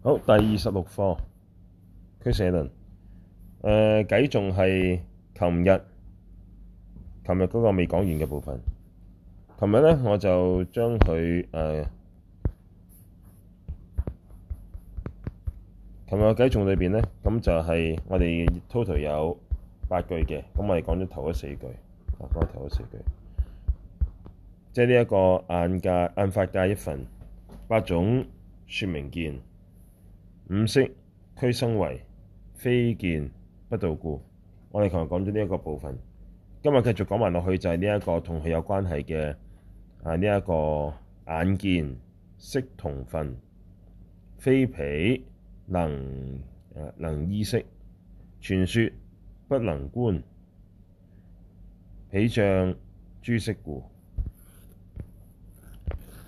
好，第二十六課，俱舍論誒，偈頌係琴日，琴日嗰個未講完嘅部分。琴日咧，我就將佢誒，琴、呃、日嘅偈頌裏邊咧，咁就係我哋 total 有八句嘅，咁我哋講咗頭一四句，啊、哦，講咗頭嗰四句，即係呢一個眼界眼法界一分八種說明見。五識俱生慧非見不到故，我哋琴日講咗呢一個部分。今日繼續講埋落去就係呢一個同佢有關係嘅啊，呢一個眼見色同分非彼能誒能依識傳說不能觀被障諸色故。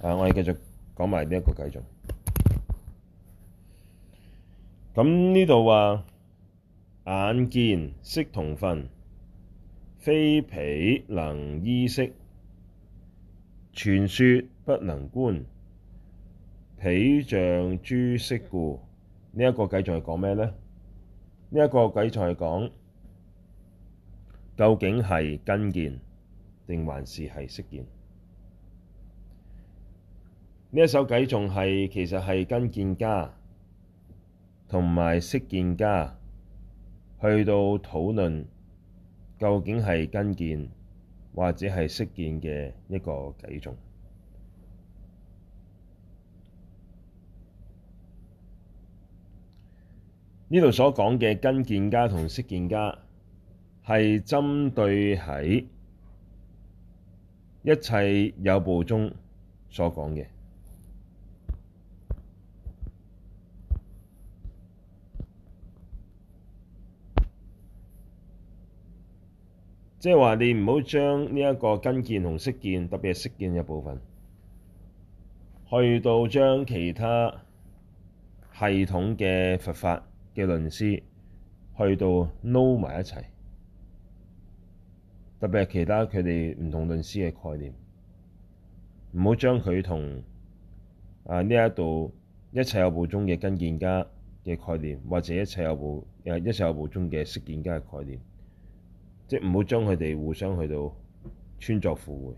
啊，我哋繼續講埋呢一個繼續。咁呢度話眼見色同分，非彼能依識，傳說不能觀，被障諸色故。呢、這、一個偈仲係講咩呢？呢、這、一個偈仲係講究竟係根見定還是係識見？呢一首偈仲係其實係根見家，同埋識見家，去到討論究竟係根見或者係識見嘅一個偈頌。呢度所講嘅根見家同識見家，係針對喺一切有部中所講嘅。即係話你唔好將呢一個根見同識見，特別係識見嘅部分，去到將其他系統嘅佛法嘅論師，去到撈埋一齊。特別係其他佢哋唔同論師嘅概念，唔好將佢同啊呢一度一切有部中嘅根見家嘅概念，或者一切有部誒、啊、一切有部中嘅識見家嘅概念。即唔好將佢哋互相去到穿鑿附會。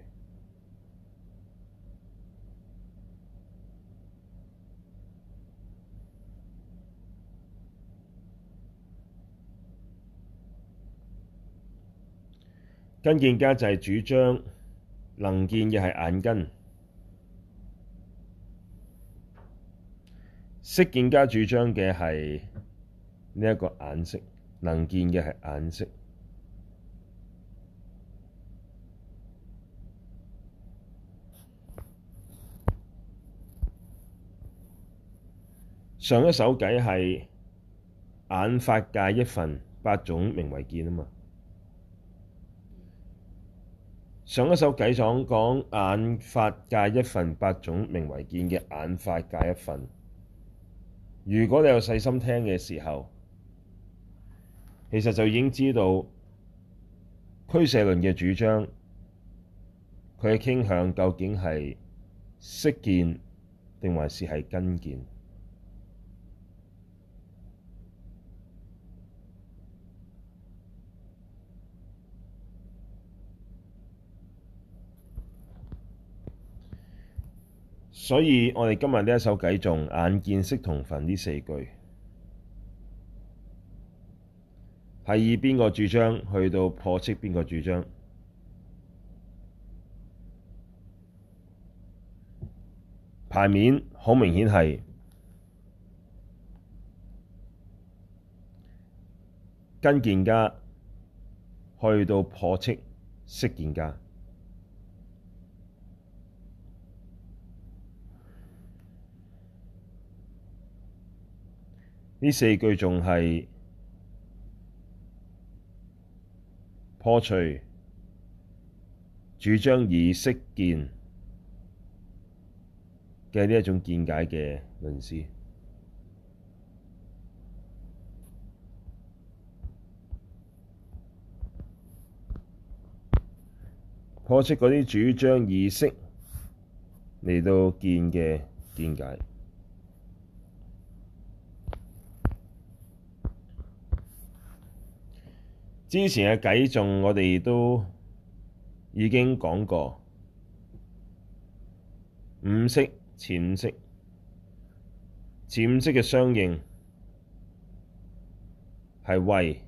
根見家就係主張能見嘅係眼根，識見家主張嘅係呢一個眼識，能見嘅係眼識。上一首偈係眼法界一分八種名為見啊嘛。上一首偈想講眼法界一分八種名為見嘅眼法界一分。如果你有細心聽嘅時候，其實就已經知道俱舍論嘅主張，佢嘅傾向究竟係識見定還是係根見？所以我哋今日呢一首偈中，眼見色同分呢四句，係以邊個主張去到破斥邊個主張？牌面好明顯係根見家去到破斥識見家。呢四句仲係破除主張以識見嘅呢一種見解嘅論師，破斥嗰啲主張以識嚟到見嘅見解。之前嘅偈頌，我哋都已經講過，五識、前五識、前五識嘅相應係慧，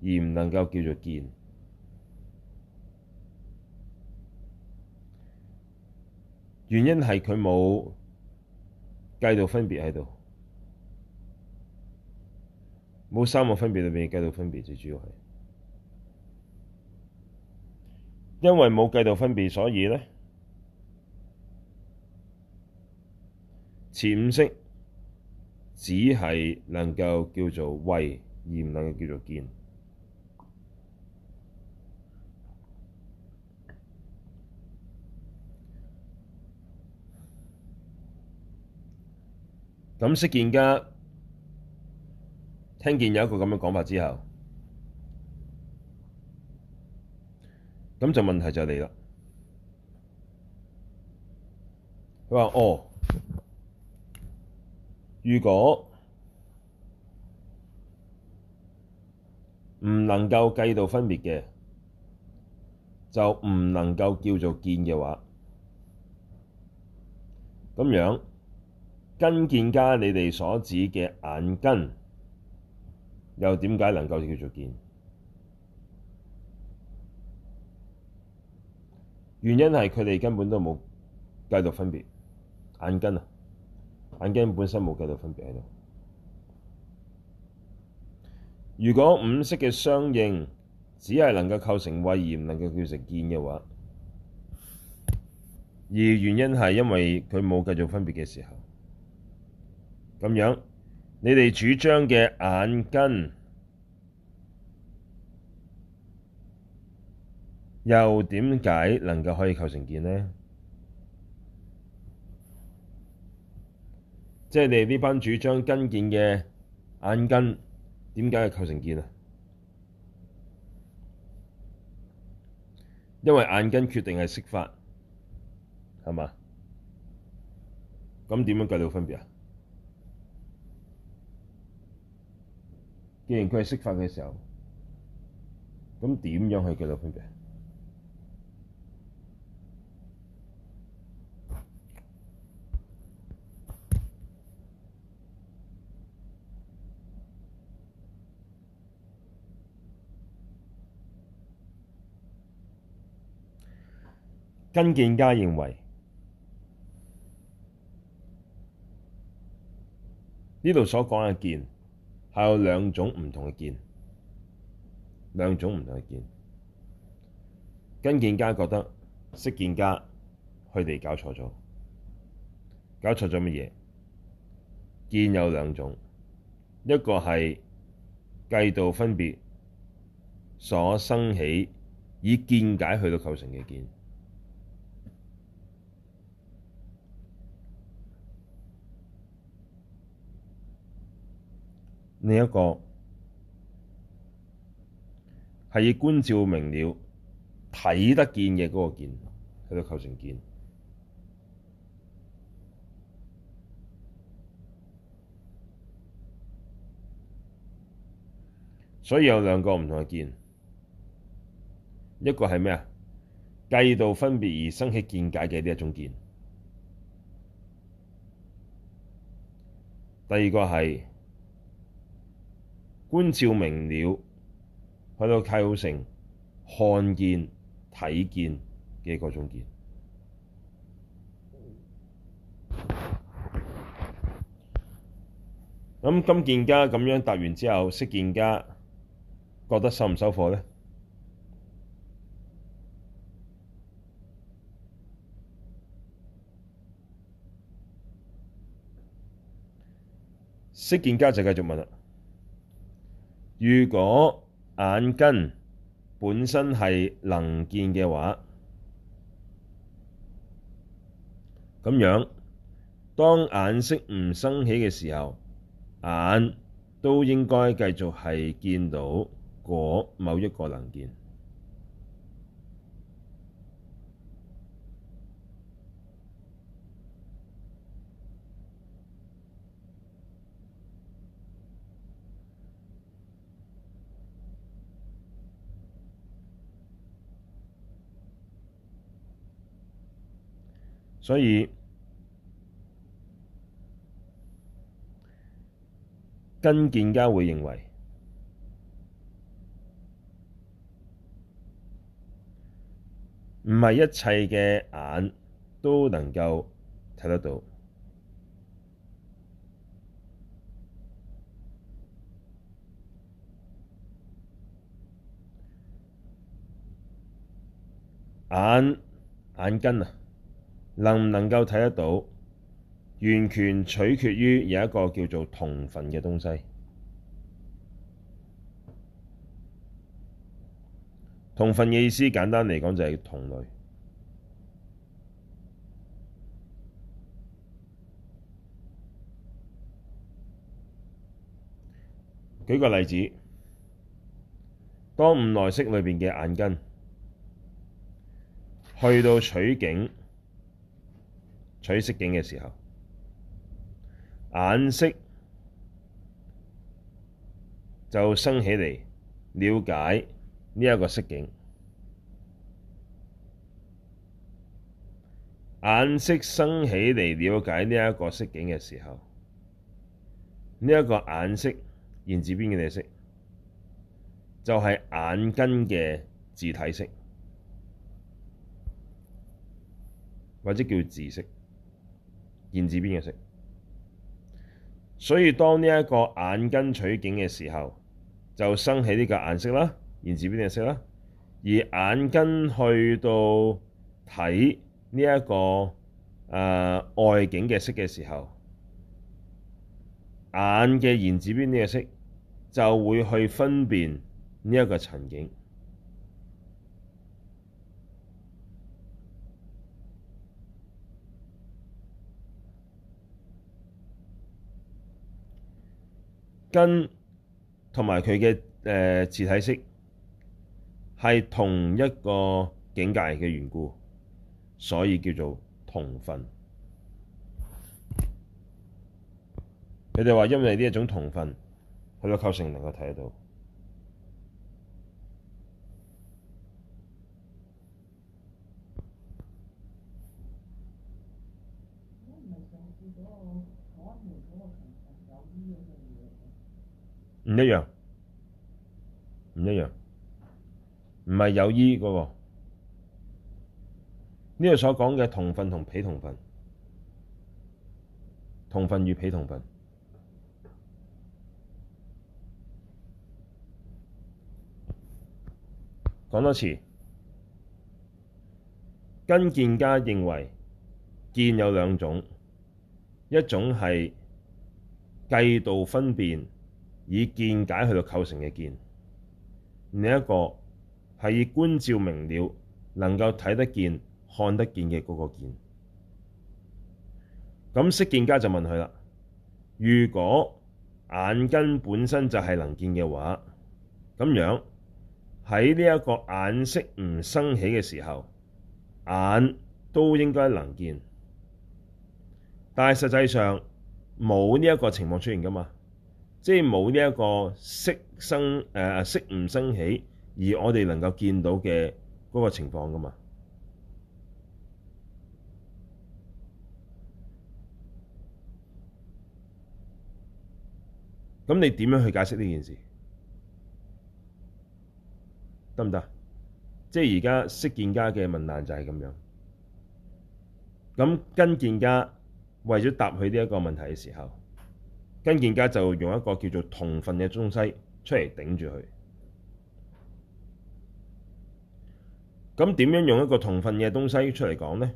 而唔能夠叫做見。原因係佢冇計度分別喺度，冇三個分別裏嘅計度分別，最主要係。因為冇計度分別，所以呢，前五識只係能夠叫做慧，而唔能夠叫做見。咁識見家聽見有一個咁嘅講法之後。咁就問題就嚟啦。佢話：哦，如果唔能夠計到分別嘅，就唔能夠叫做見嘅話，咁樣根見家你哋所指嘅眼根，又點解能夠叫做見？原因係佢哋根本都冇計度分別，眼根啊，眼根本身冇計度分別喺度。如果五識嘅相應只係能夠構成慧，而唔能夠構成見嘅話，而原因係因為佢冇計度分別嘅時候，咁樣你哋主張嘅眼根。又點解能夠可以構成見呢？即係你呢班主張根見嘅眼根點解要構成見啊？因為眼根決定係色法，係嘛？咁點樣計到分別啊？既然佢係色法嘅時候，咁點樣去計到分別？根見家認為呢度所講嘅見係有兩種唔同嘅見，兩種唔同嘅見。根見家覺得識見家佢哋搞錯咗，搞錯咗乜嘢？見有兩種，一個係計度分別所生起以見解去到構成嘅見。另一個係以觀照明了睇得見嘅嗰個見，喺度構成見。所以有兩個唔同嘅見，一個係咩啊？計度分別而生起見解嘅呢一種見。第二個係，觀照明了，去到構成，看見、睇見嘅一個種見。咁根見家咁樣答完之後，識見家覺得收唔收貨呢？識見家就繼續問啦。如果眼根本身係能見嘅話，咁樣當眼識唔生起嘅時候，眼都應該繼續係見到嗰某一個能見。所以，根見家會認為，唔係一切嘅眼都能夠睇得到眼眼根啊。能唔能夠睇得到，完全取決於有一個叫做同分嘅東西。同分嘅意思簡單嚟講就係同類。舉個例子，當五內色裏邊嘅眼根去到取景，取色境嘅時候，眼識就生起嚟了解呢一個色境。眼識生起嚟了解呢一個色境嘅時候，呢、這、一個眼識源自邊嘅色？就係、是、眼根嘅自體識，或者叫自識。眼字邊嘅識，所以當呢一個眼根取境嘅時候，就生起呢個眼識啦，眼字邊嘅識啦。而眼根去到睇呢一個誒、呃、外境嘅色嘅時候，眼嘅眼字邊呢個識就會去分辨呢一個塵境。根同埋佢嘅自識等境界係同一個境界嘅緣故，所以叫做同分。你哋話因為呢一種同分，佢嘅構成能夠睇得到。唔一樣，唔一樣，唔係有意嗰個。呢度所講嘅同分同彼同分，同分與彼同分。講多次，根見家認為見有兩種，一種係計度分別。以見解去到構成嘅見，另一個係以觀照明了，能夠睇得見、看得見嘅嗰個見。咁、嗯、識見家就問佢啦：如果眼根本身就係能見嘅話，咁樣喺呢一個眼識唔生起嘅時候，眼都應該能見，但係實際上冇呢一個情況出現噶嘛？即係冇呢一個識生，誒誒，識唔生起，而我哋能夠見到嘅嗰個情況噶嘛？咁你點樣去解釋呢件事？得唔得？即係而家識見家嘅問難就係咁樣。咁根見家為咗答佢呢一個問題嘅時候。根見家就用一個叫做同分嘅東西出嚟頂住佢。咁點樣用一個同分嘅東西出嚟講呢？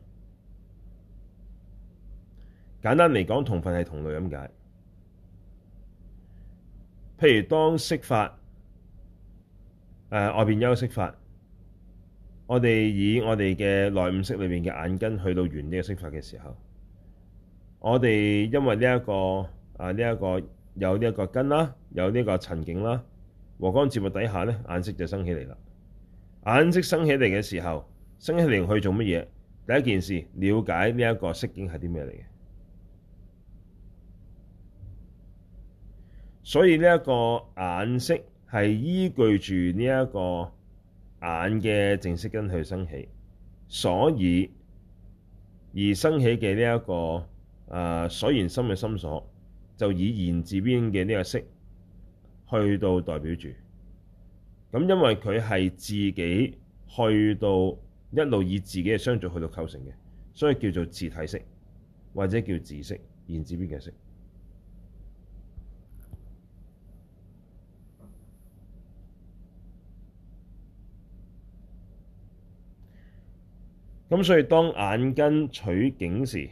簡單嚟講，同分係同類咁解。譬如當色法誒、呃、外邊有個色法，我哋以我哋嘅內五色裏邊嘅眼根去到緣呢個色法嘅時候，我哋因為呢、這、一個啊！呢、這、一個有呢一個根啦，有呢個塵境啦，和江節目底下咧，眼識就生起嚟啦。眼識生起嚟嘅時候，生起嚟去做乜嘢？第一件事，了解呢一個色境係啲咩嚟嘅。所以呢一個眼識係依據住呢一個眼嘅淨色根去生起，所以而生起嘅呢一個啊、呃、所言心嘅心所。就以言字邊嘅呢個識去到代表住，咁因為佢係自己去到一路以自己嘅相續去到構成嘅，所以叫做自體識或者叫自識，言字邊嘅識。咁所以當眼根取境時。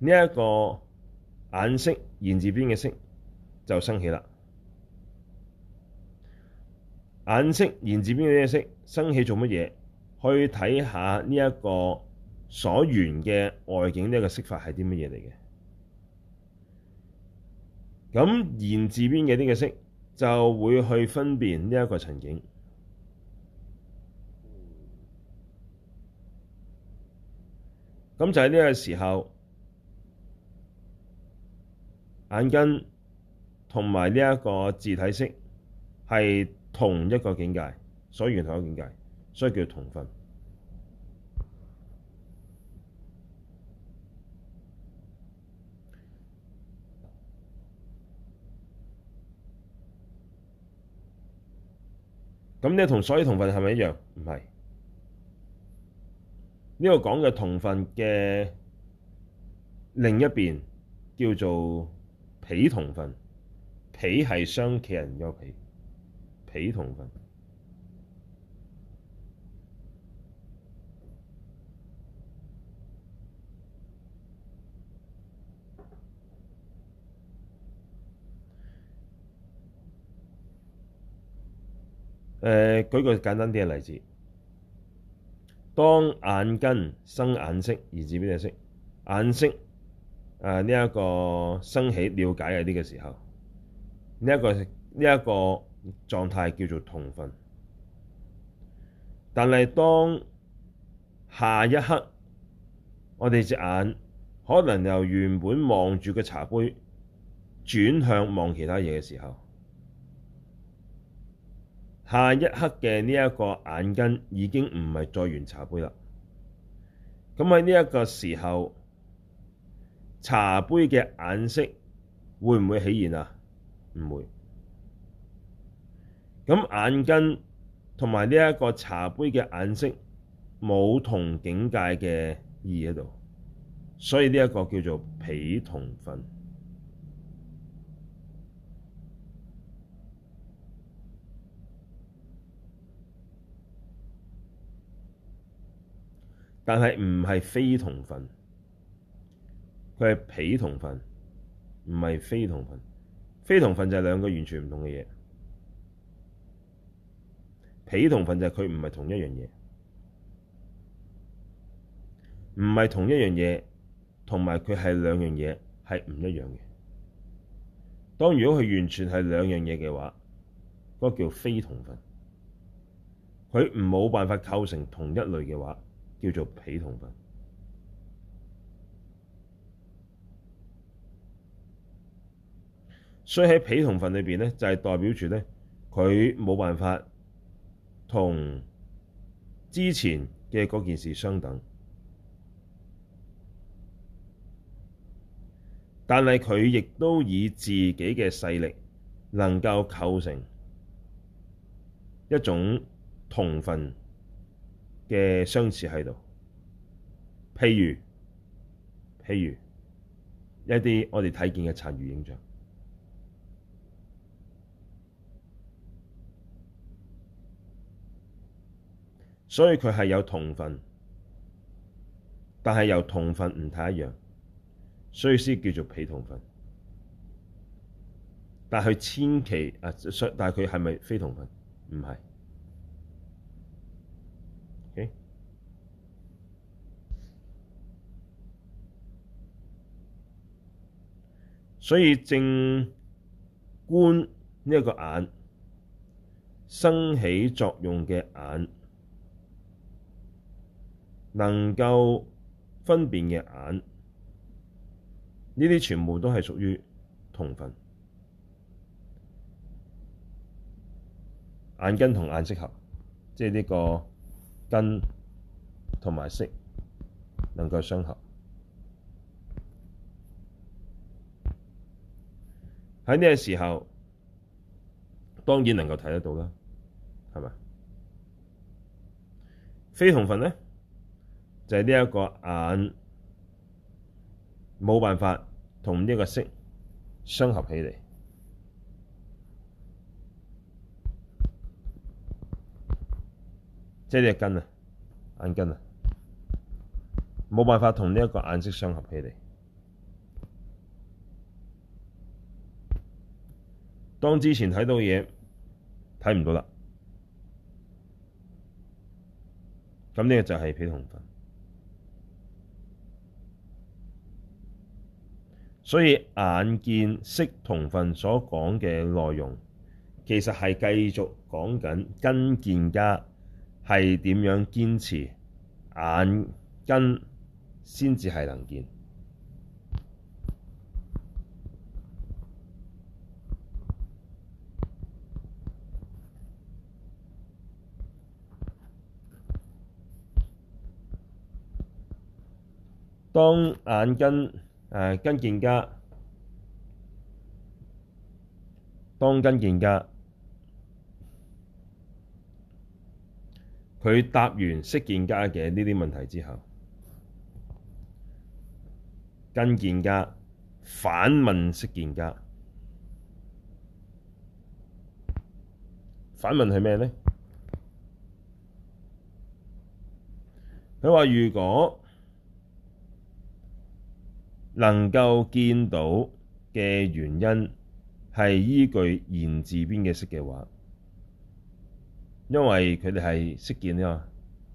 呢一個眼識言字邊嘅識就生起啦。眼識言字邊嘅識生起做乜嘢？去睇下呢一個所緣嘅外境，呢一個色法係啲乜嘢嚟嘅。咁言字邊嘅呢個識就會去分辨呢一個塵境。咁就喺呢個時候。眼根同埋呢一個自識係同一個境界，所以同一個境界，所以叫同分。咁呢同所謂同分係咪一樣？唔係。呢個講嘅同分嘅另一邊叫做。彼同分，彼係雙企人有皮，彼同分。誒、呃，舉個簡單啲嘅例子，當眼根生眼色，而指邊隻色？眼色。誒呢一個生起了解嘅呢個時候，呢一個呢一個狀態叫做同分。但係當下一刻，我哋隻眼可能由原本望住嘅茶杯轉向望其他嘢嘅時候，下一刻嘅呢一個眼根已經唔係再緣茶杯啦。咁喺呢一個時候。茶杯嘅顏色會唔會起現啊？唔會。咁眼根同埋呢一個茶杯嘅顏色冇同境界嘅意喺度，所以呢一個叫做彼同分，但係唔係非同分。佢係彼同分，唔係非同分。非同分就係兩個完全唔同嘅嘢，彼同分就係佢唔係同一樣嘢，唔係同一樣嘢，同埋佢係兩樣嘢，係唔一樣嘅。當如果佢完全係兩樣嘢嘅話，嗰、那個叫非同分。佢唔冇辦法構成同一類嘅話，叫做彼同分。所以喺彼同分裏邊咧，就係代表住咧，佢冇辦法同之前嘅嗰件事相等，但係佢亦都以自己嘅勢力能夠構成一種同分嘅相似喺度，譬如譬如一啲我哋睇見嘅殘餘影像。所以佢係有同分，但係又同分唔太一樣，所以先叫做彼同分。但係佢千祈、啊、但係佢係咪非同分？唔係。Okay? 所以正觀呢一個眼生起作用嘅眼。能夠分辨嘅眼，呢啲全部都係屬於同分眼，根同眼色合，即係呢個根同埋色能夠相合。喺呢個時候，當然能夠睇得到啦，係咪？非同分咧？就係呢一個眼冇辦法同呢個色相合起嚟，即係眼根啊，眼根啊，冇辦法同呢一個眼色相合起嚟。當之前睇到嘢睇唔到啦，咁、這、呢個就係彼同分。所以眼見色同分所講嘅內容，其實係繼續講緊根見家係點樣堅持眼根先至係能見，當眼根。誒、啊、根見家，當根見家，佢答完識見家嘅呢啲問題之後，根見家反問識見家，反問係咩咧？佢話如果。能夠見到嘅原因係依據言字邊嘅識嘅話，因為佢哋係識見啊嘛，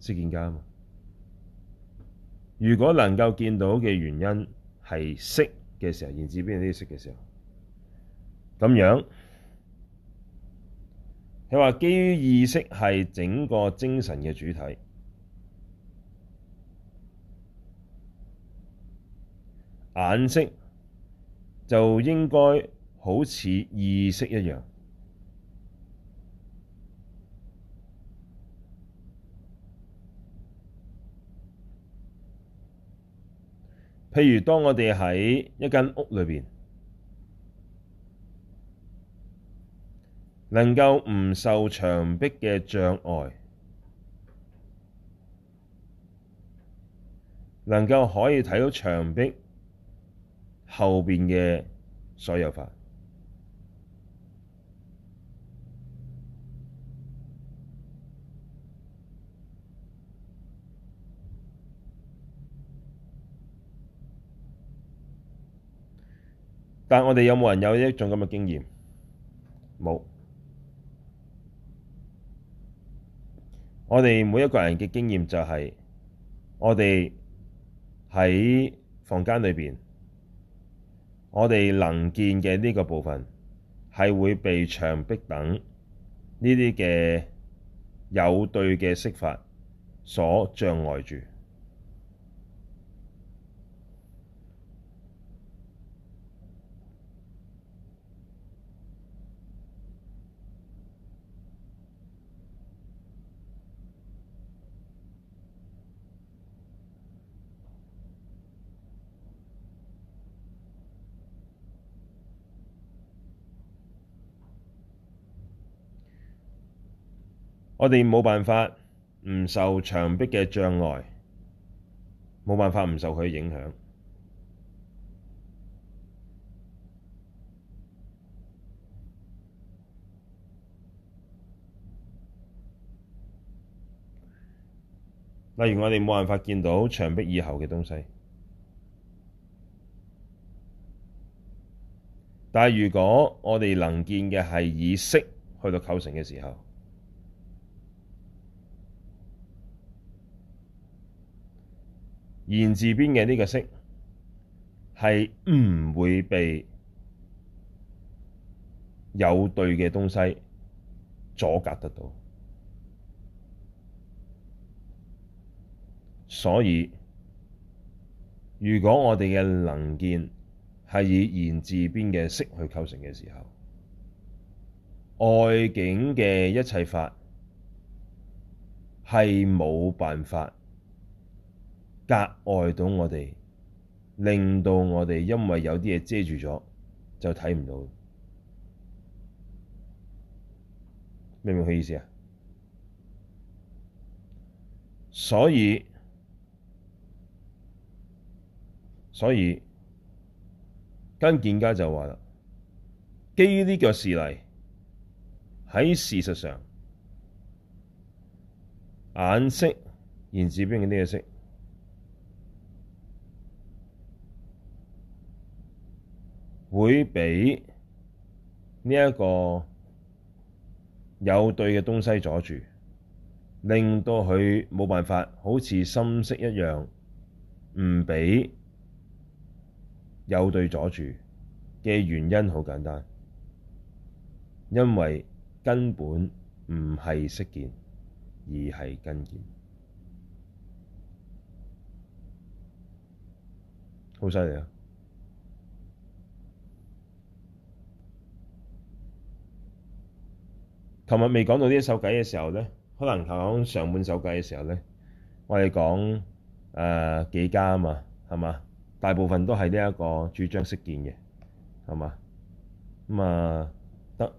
識見家啊嘛。如果能夠見到嘅原因係識嘅時候，言字邊啲識嘅時候，咁樣佢話基於意識係整個精神嘅主體。眼識，就應該好似意識一樣，譬如當我哋喺一間屋裏邊，能夠唔受牆壁嘅障礙，能夠可以睇到牆壁後面嘅所有法，但係我哋有冇人有一種咁嘅經驗？冇。我哋每一個人嘅經驗就係，我哋喺房間裏邊。我哋能見嘅呢個部分，係會被牆壁等呢啲嘅有對嘅色法所障礙住。我哋冇辦法唔受牆壁嘅障礙，冇辦法唔受佢影響。例如，我哋冇辦法見到牆壁以後嘅東西。但係，如果我哋能見嘅係以色去到構成嘅時候。言字邊嘅呢個色係唔會被有對嘅東西阻隔得到，所以如果我哋嘅能見係以言字邊嘅色去構成嘅時候，外境嘅一切法係冇辦法。格外到我哋，令到我哋因為有啲嘢遮住咗，就睇唔到，明唔明佢意思啊？所以，所以，根見家就話啦，基於呢個事例，喺事實上，眼識，言字邊嘅呢個識。」會畀呢一個有對嘅東西阻住，令到佢冇辦法好似心識一樣，唔畀有對阻住。嘅原因好簡單，因為根本唔係識見，而係根見，好犀利啊！琴日未講到呢一首偈嘅時候咧，可能講上半首偈嘅時候咧，我哋講誒幾家啊嘛，係嘛？大部分都係呢一個主張識見嘅，係嘛？咁啊，得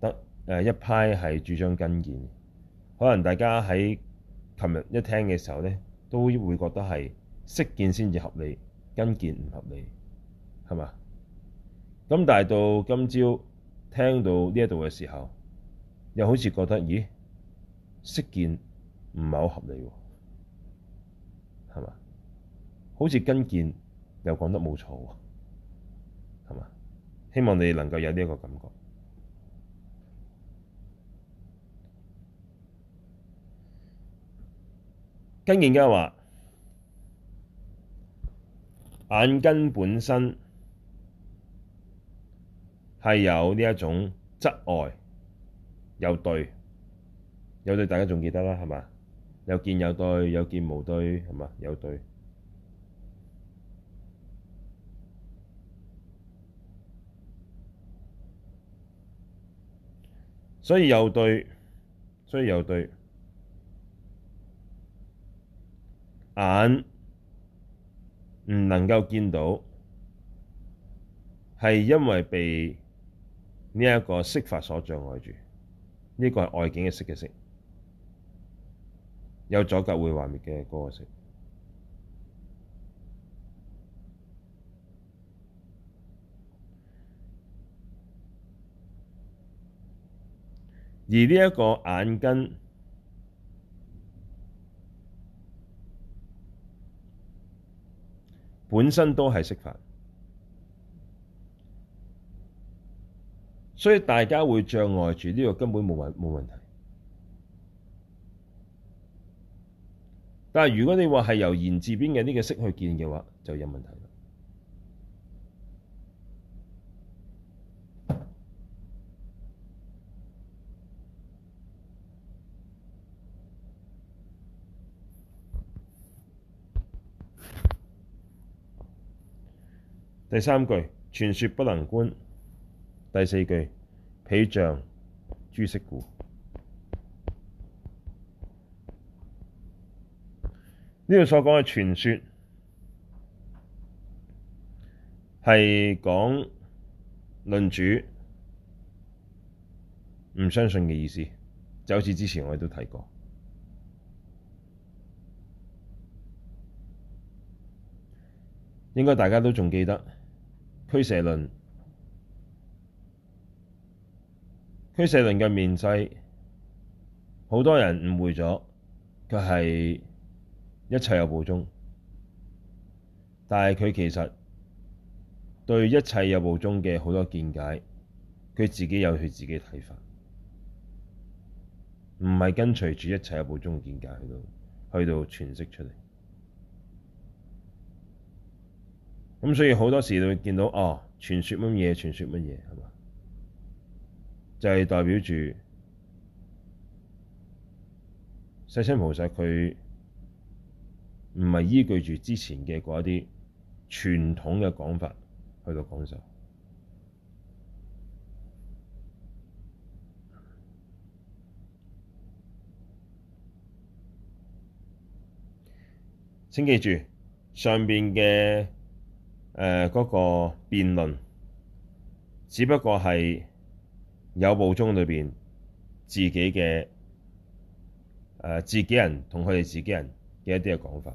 得誒一派係主張根見，可能大家喺琴日一聽嘅時候咧，都會覺得係識見先至合理，根見唔合理，係嘛？咁但係到今朝聽到呢一度嘅時候。又好似覺得，咦？識見唔係好合理喎，係嘛？好似根見又講得冇錯喎，係嘛？希望你能夠有呢一個感覺。根見家話，眼根本身係有呢一種質礙。有對，有對，大家仲記得啦，係嘛？有見有對，有見無對，係嘛？有對，所以有對，所以有對眼唔能夠見到，係因為被呢一個色法所障礙住。呢個係外境嘅色嘅色，有阻隔會幻滅嘅嗰個色，而呢一個眼根本身都係色法。所以大家會障礙住呢個根本冇問冇問題，但係如果你話係由言字邊嘅呢個識去見嘅話，就有問題啦。第三句，傳說不能觀。第四句，被障諸色故。呢度所講嘅傳說，係講論主唔相信嘅意思，就好似之前我哋都提過，應該大家都仲記得俱舍論。俱舍論嘅面世，好多人誤會咗，佢係一切有部宗。但係佢其實對一切有部宗嘅好多見解，佢自己有佢自己嘅睇法，唔係跟隨住一切有部宗嘅見解去到去到詮釋出嚟。咁所以好多時你會見到哦，傳說乜嘢，傳說乜嘢，係嘛？就係代表住世親菩薩佢唔係依據住之前嘅嗰啲傳統嘅講法去到講授。請記住上面嘅誒嗰個辯論，只不過係有部宗裏邊自己嘅誒、呃、自己人同佢哋自己人嘅一啲嘅講法，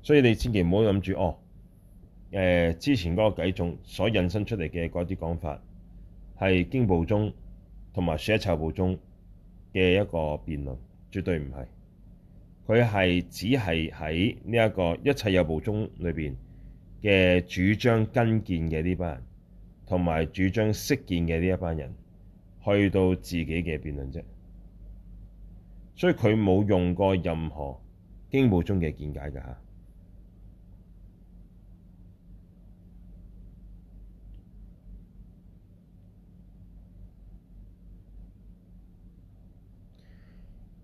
所以你千祈唔好諗住哦，誒、呃、之前嗰個偈頌所引申出嚟嘅嗰啲講法，係經部宗同埋舍阿闌部宗嘅一個辯論，絕對唔係。佢係只係喺呢一個一切有部中裏邊嘅主張根見嘅呢班人，同埋主張識見嘅呢一班人，去到自己嘅辯論啫。所以佢冇用過任何經部中嘅見解㗎嚇，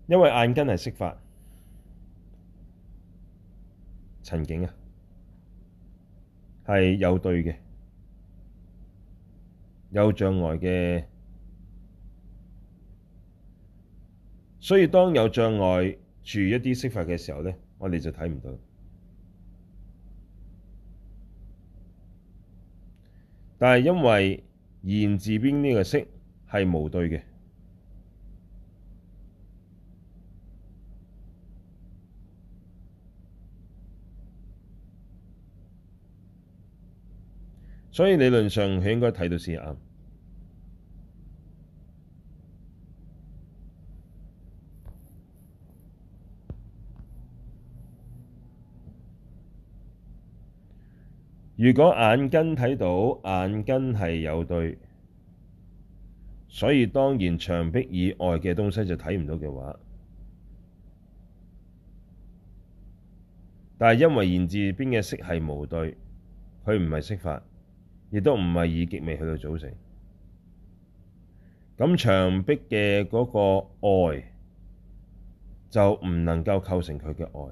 因為眼根係色法。塵境啊，係有對嘅，有障礙嘅，所以當有障礙住一啲色法嘅時候呢，我哋就睇唔到。但係因為言字邊呢個識係無對嘅。所以理論上佢應該睇到先啱。如果眼根睇到，眼根係有對，所以當然牆壁以外嘅東西就睇唔到嘅話，但係因為言字邊嘅識係無對，佢唔係色法。亦都唔係以極微去到組成，咁牆壁嘅嗰個礙就唔能夠構成佢嘅礙，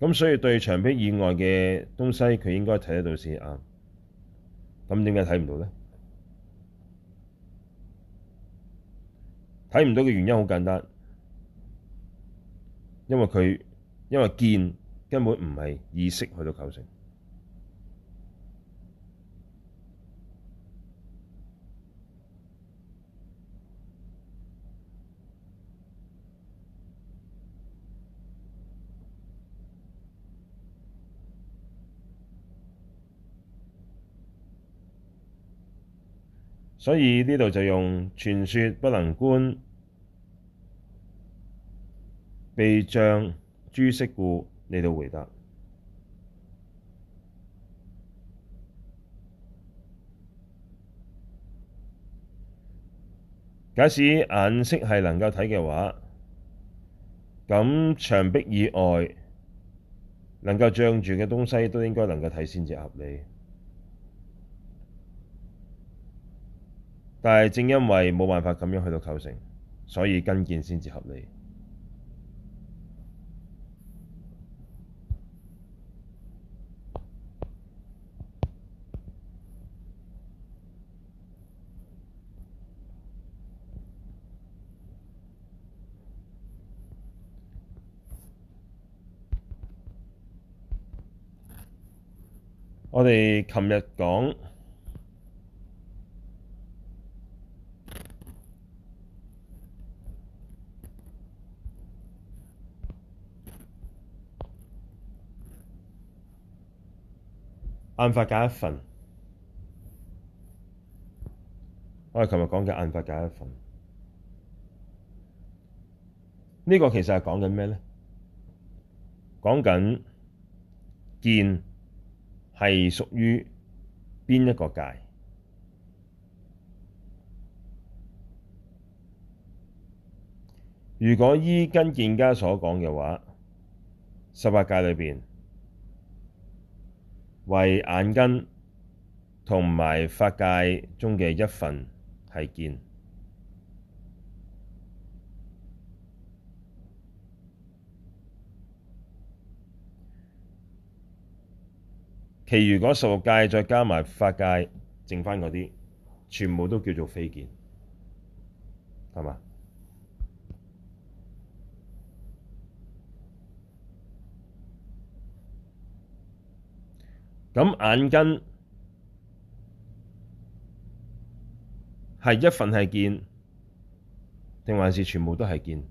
咁所以對牆壁以外嘅東西，佢應該睇得到先啱。咁點解睇唔到咧？睇唔到嘅原因好簡單，因為佢因為見。根本唔係意識去到構成，所以呢度就用傳說不能觀，被障諸色故。你都回答。假使眼識係能夠睇嘅話，咁牆壁以外能夠障住嘅東西都應該能夠睇先至合理。但係正因為冇辦法咁樣去到構成，所以根見先至合理。我哋琴日講《眼法界一分》，我哋琴日講嘅《眼法界一分》，呢個其實係講緊咩咧？講緊見。係屬於邊一個界？如果依根見家所講嘅話，十八界裏邊唯眼根同埋法界中嘅一分係見。其餘嗰十六界再加埋法界，剩返嗰啲，全部都叫做非見，係嘛？咁眼根係一份係見，定還是全部都係見？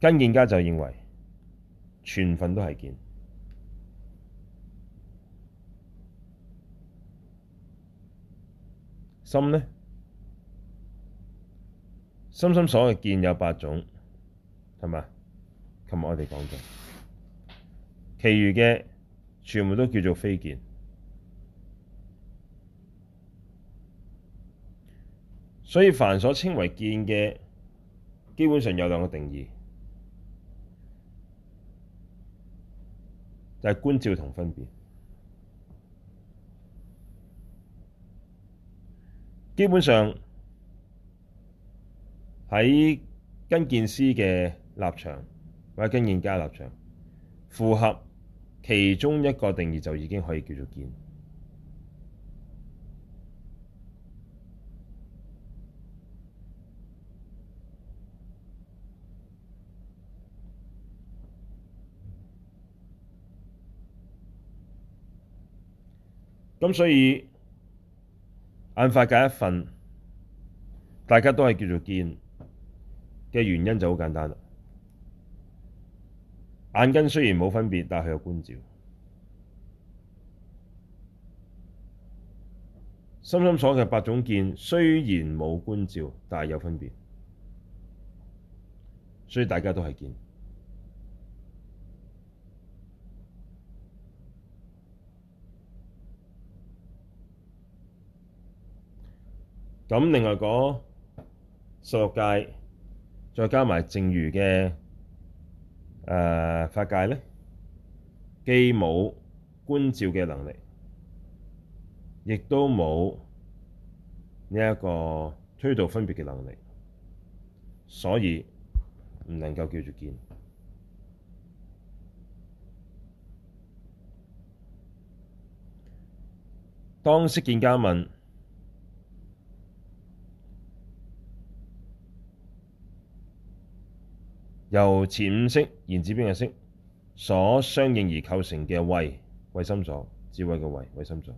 根見家就認為，全分都係見，心呢？心心所嘅見有八種，係嘛？琴日我哋講咗，其餘嘅全部都叫做非見，所以凡所稱為見嘅，基本上有兩個定義。就係觀照同分別，基本上喺根見師嘅立場或者根見家立場，符合其中一個定義就已經可以叫做見。咁所以眼法界一分，大家都係叫做見嘅原因就好簡單啦。眼根雖然冇分別，但係有觀照；心心所嘅八種見雖然冇觀照，但係有分別，所以大家都係見。咁另外嗰十六界，再加埋剩餘嘅誒法界咧，既冇觀照嘅能力，亦都冇呢一個推導分別嘅能力，所以唔能夠叫做見。當識見家問。由前五識、現指邊個識所相應而構成嘅慧，慧心所，智慧嘅慧，慧心所，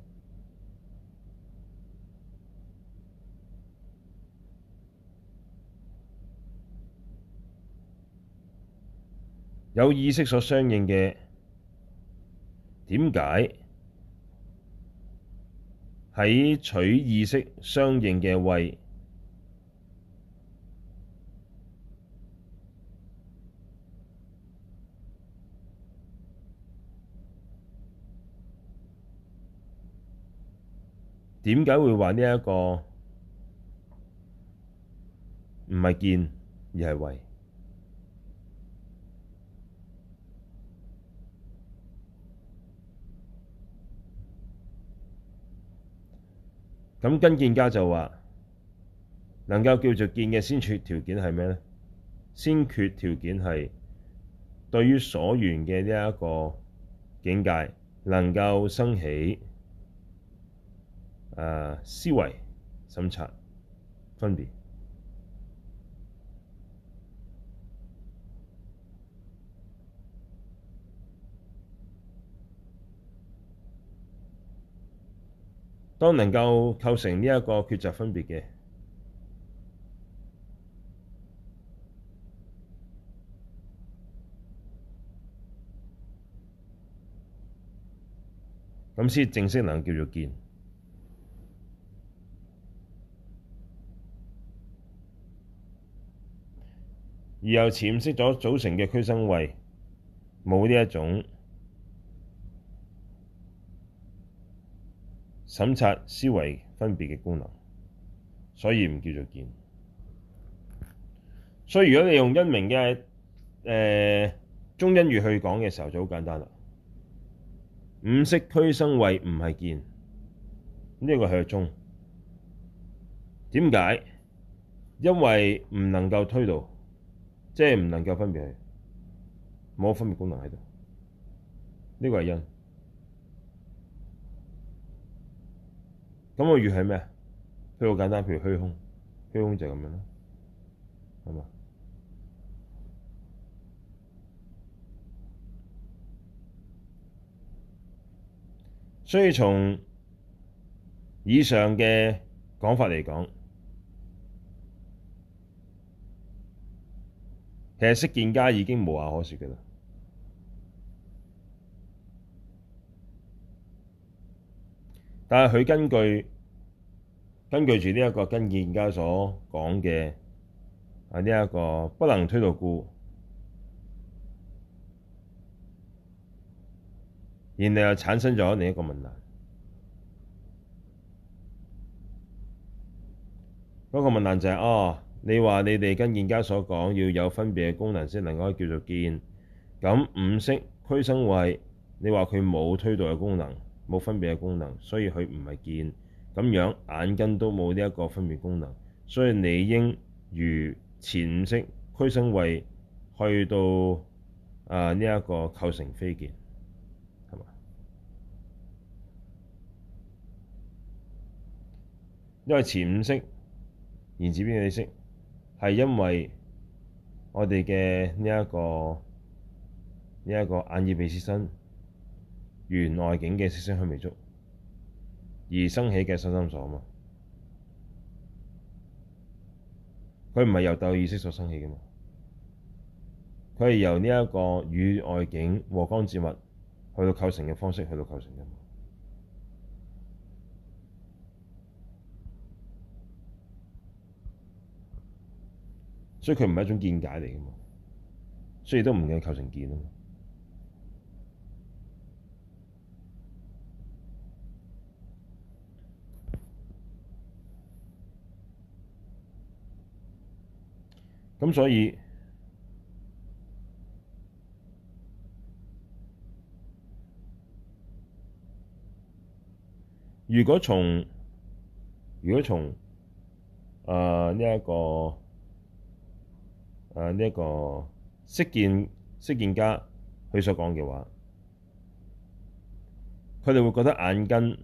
有意識所相應嘅，點解喺取意識相應嘅慧？點解會話呢一個唔係見而係慧？咁根見家就話能夠叫做見嘅先決條件係咩咧？先決條件係對於所緣嘅呢一個境界能夠生起。誒、uh, 思維審查、分別，當能夠構成呢一個抉擇分別嘅，咁先正式能叫做見。而又潛識咗組成嘅俱生慧，冇呢一種審察思維分別嘅功能，所以唔叫做見。所以如果你用因明嘅誒、呃、宗、因、喻去講嘅時候就好簡單啦。五識俱生慧唔係見，呢、這個係宗。點解？因為唔能夠推度。即係唔能夠分別佢，冇分別功能喺度。呢個係因。咁我喻係咩？佢好簡單，譬如虛空，虛空就係咁樣咯，係嘛？所以從以上嘅講法嚟講。其實識見家已經無話可説嘅啦，但係佢根據根據住呢一個根見家所講嘅啊呢一、這個不能推度故，然後又產生咗另一個問題。嗰、那個問題就係、是、哦。你話你哋根見家所講要有分別嘅功能先能夠叫做見，咁五識俱生慧，你話佢冇推度嘅功能，冇分別嘅功能，所以佢唔係見。咁樣眼根都冇呢一個分別功能，所以你應如前五識俱生慧去到啊呢一個構成非見，係嘛？因為前五識賢子邊個識？係因為我哋嘅呢一個呢一、這個眼耳鼻舌身，與外境嘅色聲香味觸，而生起嘅身心所嘛。佢唔係由道義色所生起嘅嘛，佢係由呢一個與外境和光接物去到構成嘅方式去到構成嘅嘛。所以佢唔係一種見解嚟嘅嘛，所以都唔係構成見啊嘛。咁所以，如果從，如果從啊，呢一個。呢一個，啊，呢個識見識見家佢所講嘅話，佢哋會覺得眼根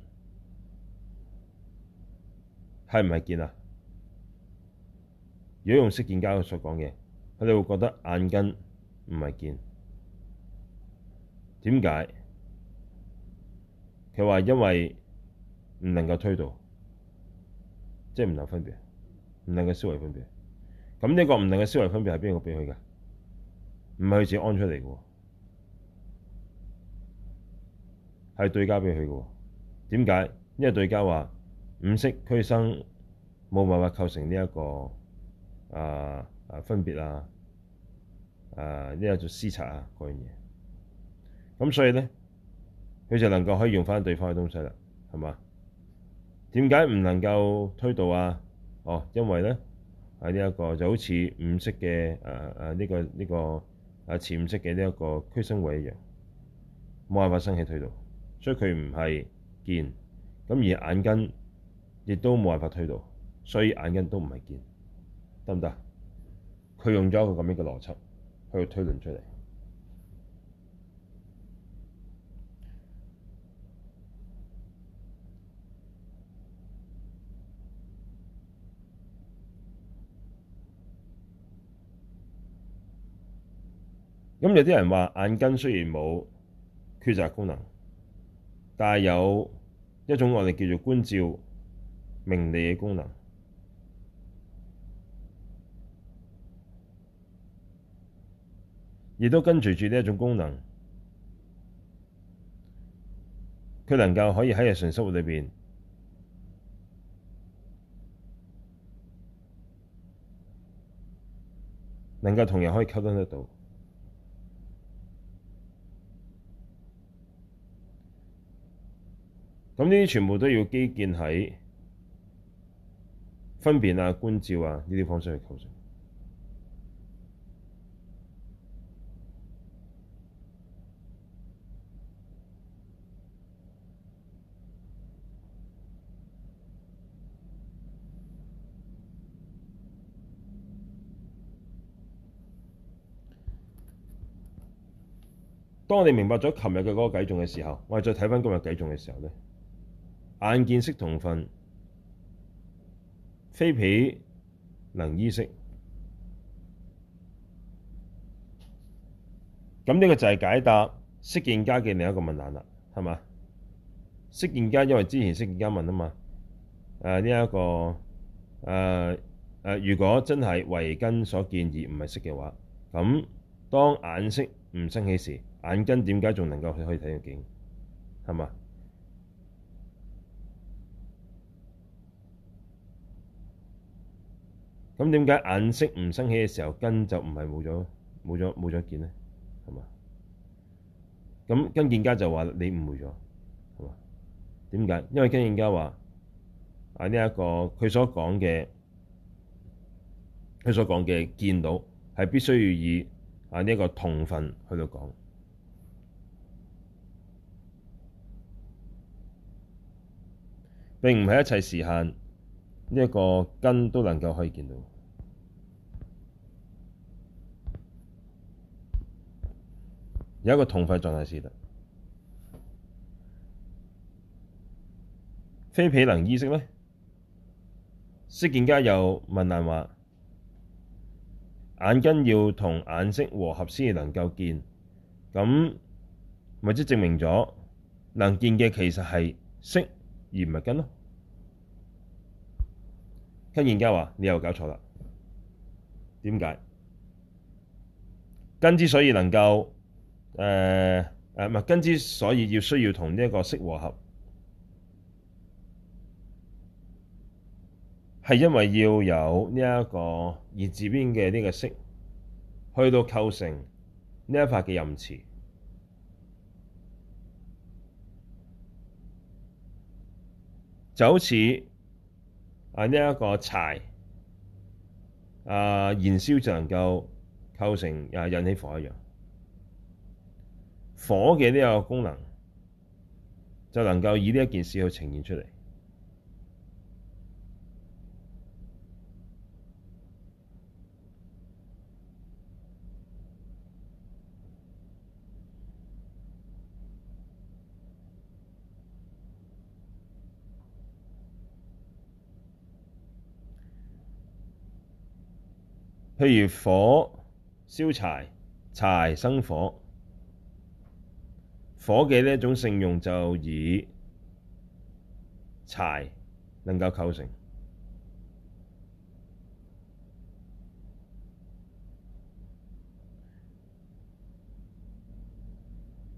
係唔係見啊？如果用識見家所講嘅，佢哋會覺得眼根唔係見。點解？佢話因為唔能夠推度，即係唔能分別，唔能夠思維分別。咁呢個唔定嘅思維分別係邊個畀佢嘅？唔係佢自己安出嚟嘅，係對家畀佢嘅。點解？因為對家話五色俱生冇辦法構成呢、這、一個啊啊、呃、分別啊啊，因為做思察啊嗰樣嘢。咁所以咧，佢就能夠可以用翻對方嘅東西啦，係嘛？點解唔能夠推度啊？哦，因為咧。喺呢一個就好似五識嘅，誒誒呢個呢個啊前五識嘅呢一個俱生慧一樣冇辦法生起推度，所以佢唔係見，咁而眼根亦都冇辦法推度，所以眼根都唔係見，得唔得？佢用咗一個咁樣嘅邏輯去推論出嚟。咁有啲人話眼根雖然冇抉擇功能，但有一種我哋叫做觀照明利嘅功能，亦都跟隨住呢一種功能，佢能夠可以喺日常生活裏邊能夠同人可以溝通得到。咁呢啲全部都要基建喺分辨啊、觀照啊呢啲方式去構成。當我哋明白咗琴日嘅嗰個偈頌嘅時候，我哋再睇翻今日偈頌嘅時候咧。眼見色同分，非彼能依識。咁呢個就係解答識見家嘅另一個問難啦，係嘛？識見家因為之前識見家問啊嘛，誒、呃、呢一個誒誒、呃呃，如果真係唯根所見而唔係識嘅話，咁當眼識唔生起時，眼根點解仲能夠去可以睇到境，係嘛？咁點解眼識唔生起嘅時候，根就唔係冇咗、冇咗、冇咗見咧？係嘛？咁根見家就話你誤會咗，係嘛？點解？因為根見家話啊，呢、這、一個佢所講嘅佢所講嘅見到係必須要以啊呢一、這個同分去到講，並唔係一切時限。呢一個根都能夠可以見到，有一個同類狀態是得。非彼能依識咩？識見家又問難話：眼根要同眼識和合先能夠見，咁咪即證明咗能見嘅其實係識而唔係根咯。根見家話，你又搞錯啦。點解根之所以能夠誒，誒唔係根之所以要需要同呢一個色和合，係因為要有呢、這、一個月字邊嘅呢個色，去到構成呢一塊嘅任持，就好似。啊呢一個柴啊燃燒就能夠構成啊引起火一樣，火嘅呢個功能，就能夠以呢一件事去呈現出嚟。譬如火燒柴，柴生火，火嘅呢一種性用就以柴能夠構成。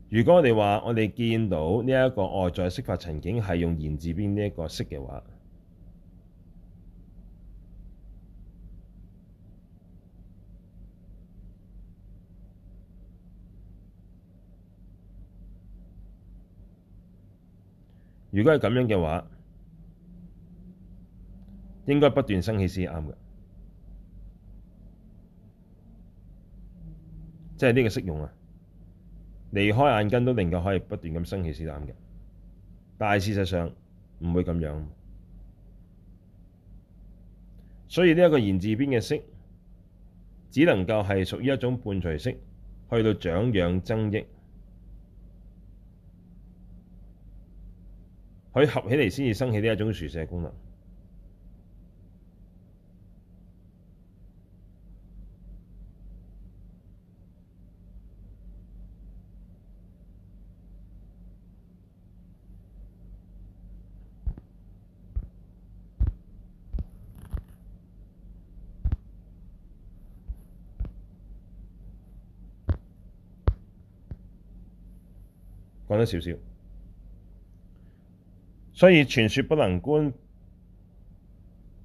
如果我哋話我哋見到呢一個外在釋法色法情景係用言字邊呢一個識嘅話，如果係咁樣嘅話，應該不斷生起先啱嘅，即係呢個色用啊，離開眼根都能夠可以不斷咁生起先啱嘅。但係事實上唔會咁樣，所以呢一個言字邊嘅識，只能夠係屬於一種伴隨識，去到長養增益。佢合起嚟先至生起呢一種殊勝功能。講得少少。所以傳說不能觀，誒、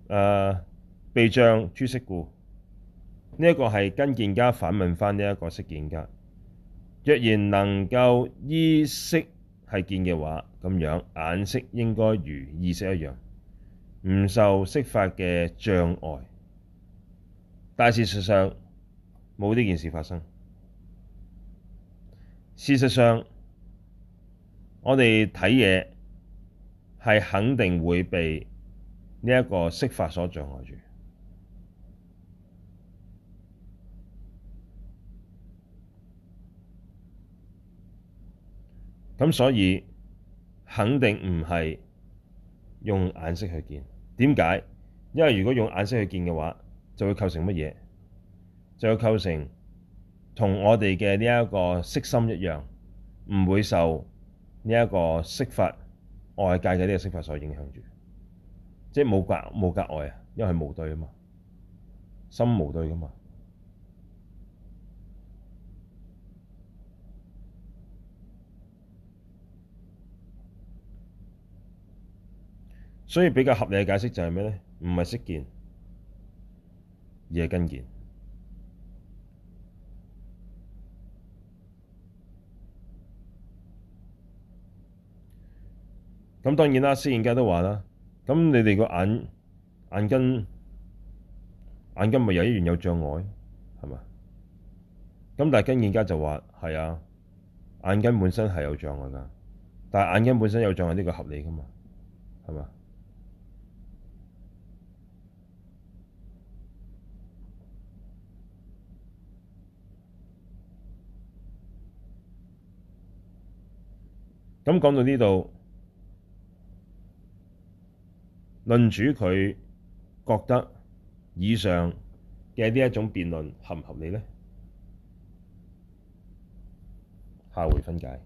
呃，被障諸色故，呢、這、一個係根見家反問翻呢一個識見家。若然能夠依識係見嘅話，咁樣眼識應該如意識一樣，唔受色法嘅障礙。但事實上冇呢件事發生。事實上，我哋睇嘢，係肯定會被呢一個色法所障礙住，咁所以肯定唔係用眼識去見。點解？因為如果用眼識去見嘅話，就會構成乜嘢？就會構成同我哋嘅呢一個色心一樣，唔會受呢一個色法。外界嘅呢個識法所影響住，即係冇隔冇隔外啊，因為係無對啊嘛，心無對啊嘛，所以比較合理嘅解釋就係咩咧？唔係識見，而係根見。咁當然啦，識見家都話啦，咁你哋個眼根眼根眼根咪有一樣有障礙，係嘛？咁但係根見家就話係啊，眼根本身係有障礙㗎，但係眼根本身有障礙呢個合理㗎嘛，係嘛？咁講到呢度。論主佢覺得以上嘅呢一種辯論合唔合理呢？下回分解。